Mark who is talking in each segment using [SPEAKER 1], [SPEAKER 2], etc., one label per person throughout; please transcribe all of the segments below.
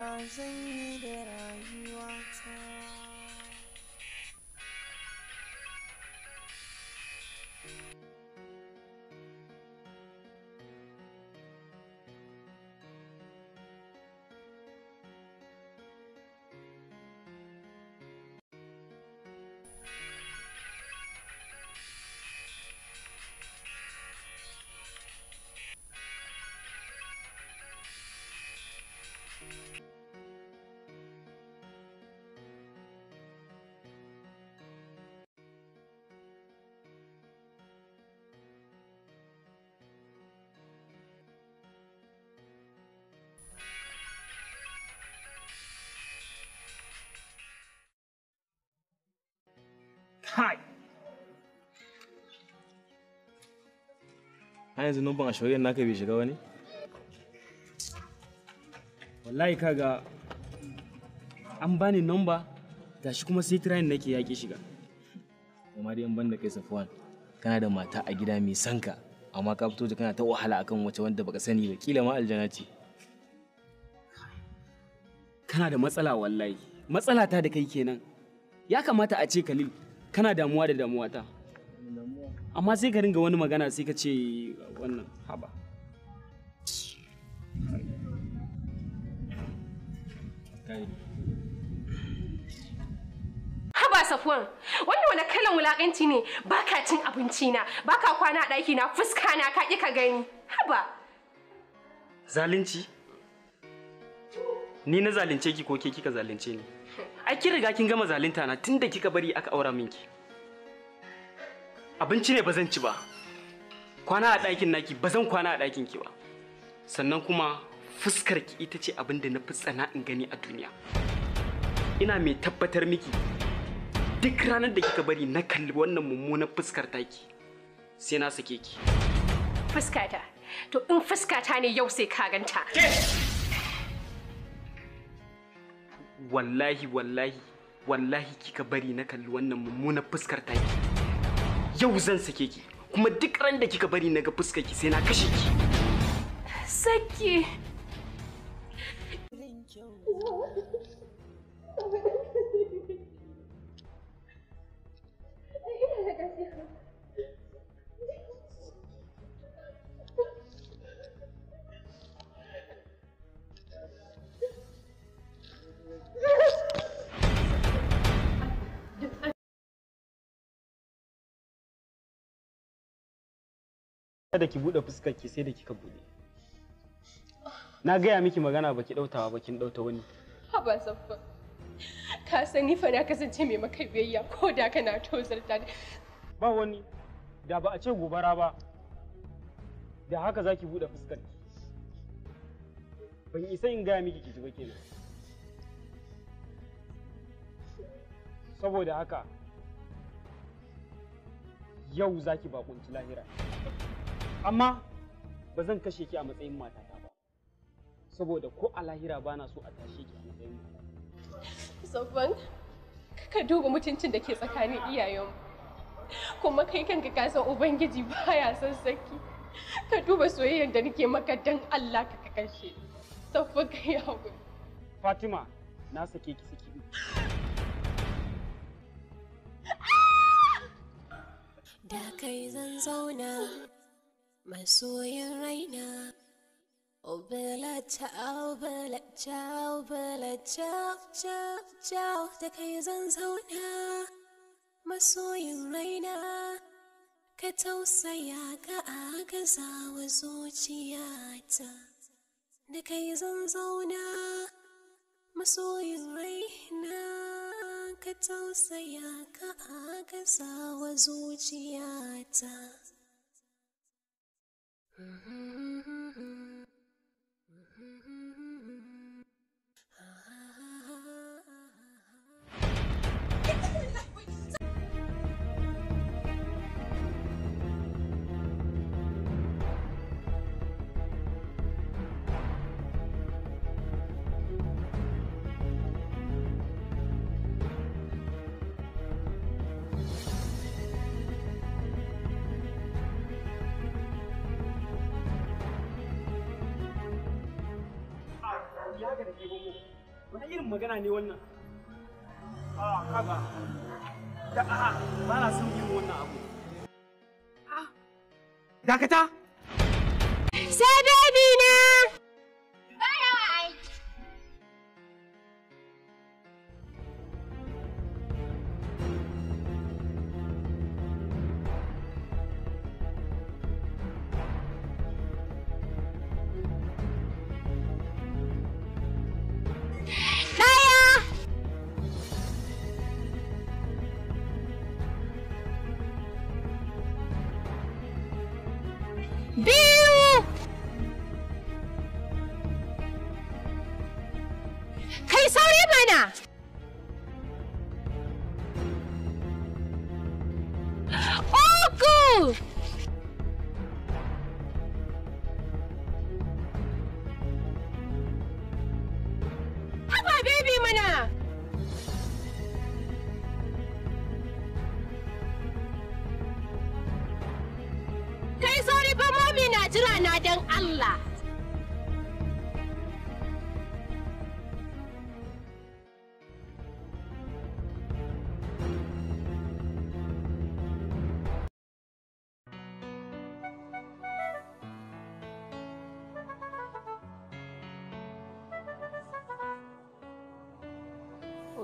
[SPEAKER 1] zan yi you Are. Hai.
[SPEAKER 2] Har yanzu numban a shawarar naka bai shiga wani? Wallahi kaga an bani numba shi kuma sai tirayin nake yaƙi shiga. Amma dai an ban da kai Safwan kana da mata a gida mai sanka amma ka fito kana ta wahala akan wace wanda baka sani ba kila ma aljana ce. Kana da matsala wallahi. Matsala ta da kai kenan. Ya kamata a ce Khalil kana damuwa da damuwa ta amma sai ka ringa wani magana sai ka ce wannan haba haba safuwan
[SPEAKER 1] wannan wani kalan wulaƙanci ne baka cin abinci na baka kwana a ɗaki na fuska na ka ka gani haba
[SPEAKER 2] zalunci ni na zalunce ki ko ke kika zalunce ni Ai kin riga kin gama zalunta na tunda kika bari aka aura minki. Abinci ne ba zan ci ba. Kwana a ɗakin naki ba zan kwana a ɗakin ki ba. Sannan kuma fuskar ki ita ce abin da na fi tsana in gani a duniya. Ina mai tabbatar miki duk ranar da kika bari na kalli wannan mummunan fuskar taki sai na sake ki.
[SPEAKER 1] Fuskata, to in fuskata ne yau sai ka ganta.
[SPEAKER 2] wallahi wallahi wallahi kika bari na kalli wannan mummunar fuskar taki yau zan sake ki kuma duk ran da kika bari na ga fuskar ki sai na kashe ki
[SPEAKER 1] sake
[SPEAKER 2] kada ki bude fuskar ki sai da kika bude na gaya miki magana baki dautawa bakin dauta wani
[SPEAKER 1] ba saffa ka sani fa na kasance mai maka biyayya ko da kana tozarta
[SPEAKER 2] ba wani da ba a ce gobara ba da haka zaki bude fuskar ban isa in gaya miki ki ji ba kenan saboda haka yau zaki bakunci lahira amma ba zan kashe ki a matsayin matata ba saboda ko a lahira ba na so a tashe ki a matsayin
[SPEAKER 1] matata ka duba mutuncin da ke tsakanin iyayen kuma kai kanka ka san ubangiji baya son saki ka duba soyayyar da nake maka dan Allah ka kashe ka yi hakuri
[SPEAKER 2] Fatima na sake ki saki
[SPEAKER 1] da kai zan zauna masoyin raina Oh Bella ciao Bella ciao Bella ciao ciao da kai zan zauna masoyin raina ka tausaya ka agazawa zuciyata da kai zan zauna masoyin raina ka tausaya ka agazawa zuciyata Mm-hmm.
[SPEAKER 2] wani irin magana ne wannan ah, a kaga da a ah, ba na son yin wannan abu ah. dakata sai
[SPEAKER 1] go! Haba baby mana! Kai sauri fa mami na jira na don Allah!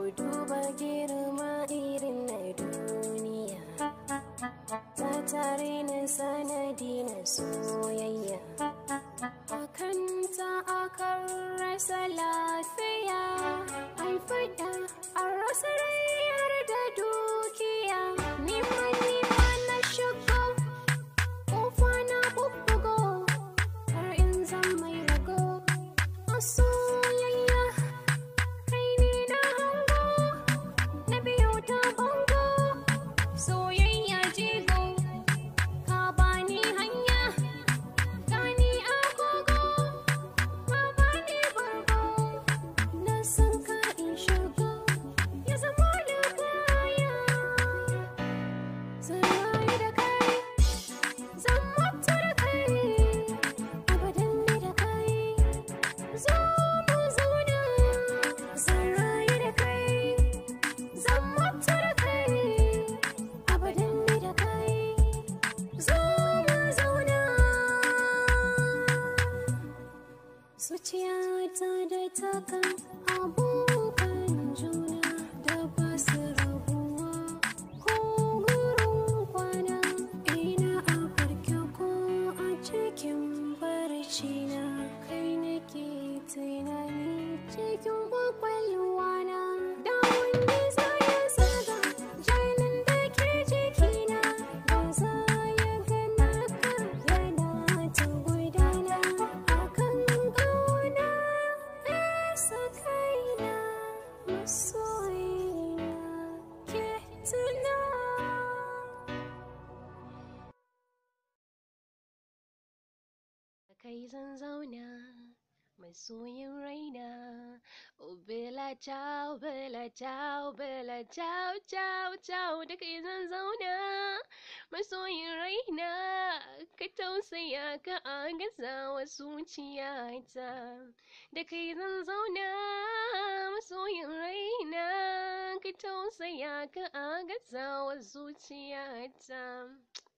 [SPEAKER 1] ku duba girma irin na duniya ta tare na sanadi na so kai zan zauna masoyin raina oh bella ciao bella ciao bella ciao ciao ciao da kai zan zauna masoyin raina ka tausaya ka agaza wa zuciyata da kai zan zauna masoyin raina ka tausaya ka agaza wa zuciyata